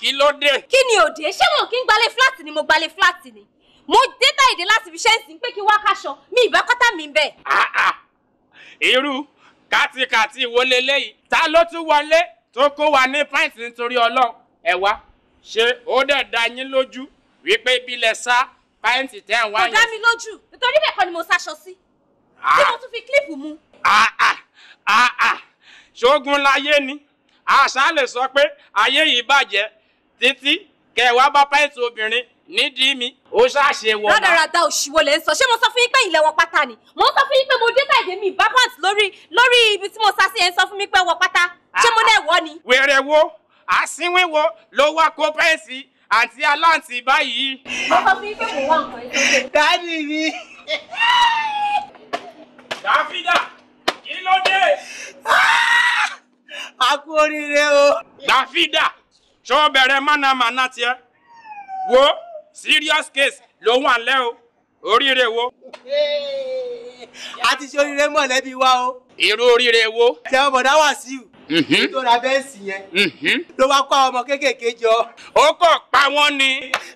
kí ló dé. kí ni òde ṣé wọn kì í gbalẹ̀ fúláàtì ni mo gbalẹ̀ fúláàtì ni mo dé báyìí dé láti fi ṣẹ́ǹsì pé kí wá kaṣọ mi ìbá kọ́tà mi ń bẹ̀. irú kàtìkàtì wo leléyìí ta ló tún wọlé tó kó wa ní pàǹtì nítorí ọlọ́run ẹ wá ṣé ó dẹ̀ dá yín lójú wípé ibilẹ̀ sá pàǹtì tẹ́ ẹ̀ wá yẹn. kò dá mi lójú nítorí bẹ́ẹ̀ kọ́ ni mo sáṣọ sí tí mo tún fi kílípù mu. ṣógun láyé ni àṣà lè sọ pé ayé yìí bàjẹ́ títí kẹ wá bá pẹ́ẹ́sì obìnrin nídìí mi ó ṣàṣe wọ̀ náà. ládàradà òṣìwò lè ń sọ ṣé mo sọ fún yín pé ilẹ̀ wọn pátá ni mo ń sọ fún yín pé mo dé tàìdé mi bá pàǹtì lórí lórí ibi tí mo sá sí ẹ̀ ń sọ fún mi pé wọ pátá ṣé mo lè ni. wèrè wo àsínwé wo ló wá kó pẹ́ẹ́sì àti aláǹtì báyìí. mo sọ fún yín pé mo wá nǹkan ìtọ́jú. dáàdì mi. dáfídà kí ló dé. a kú oríire o. dáfídà tó bẹ̀rẹ̀ mánàmáná tiẹ̀ wo serious case ló wà lẹ́ o oríire wo. a ti ṣe oríire mọ̀lẹ́bí wa o. irú oríire wo. tẹ́wọ́ bọ̀dá wà sí i. Mhm. tó ra bẹ́ẹ̀sì yẹn. Mhm. ló wá kó àwọn ọmọ kéékèèké jọ. ó kọ̀ pa wọ́n ni.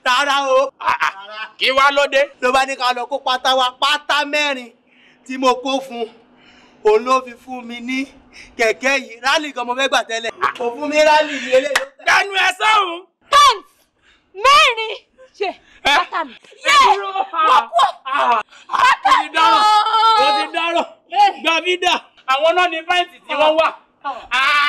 rárá o. kí wá lóde. ló bá ní ká lọ kó pátá wa pátá mẹ́rin tí mo kó fún un òun ló fi fún mi ní kẹ̀kẹ́ yìí rálì gan mo fẹ́ gbà tẹ́lẹ̀. kò fún mi rálì yìí eléyìí ẹnu ẹ sọ́hùn. pants mẹ́rin ṣe bàtà mi. yẹ wọ́n kú bàtà mi o. o ti dárò gbàmídà àwọn náà ní pẹ́ǹtì tí wọ́n wà. Ah, ah. Ah,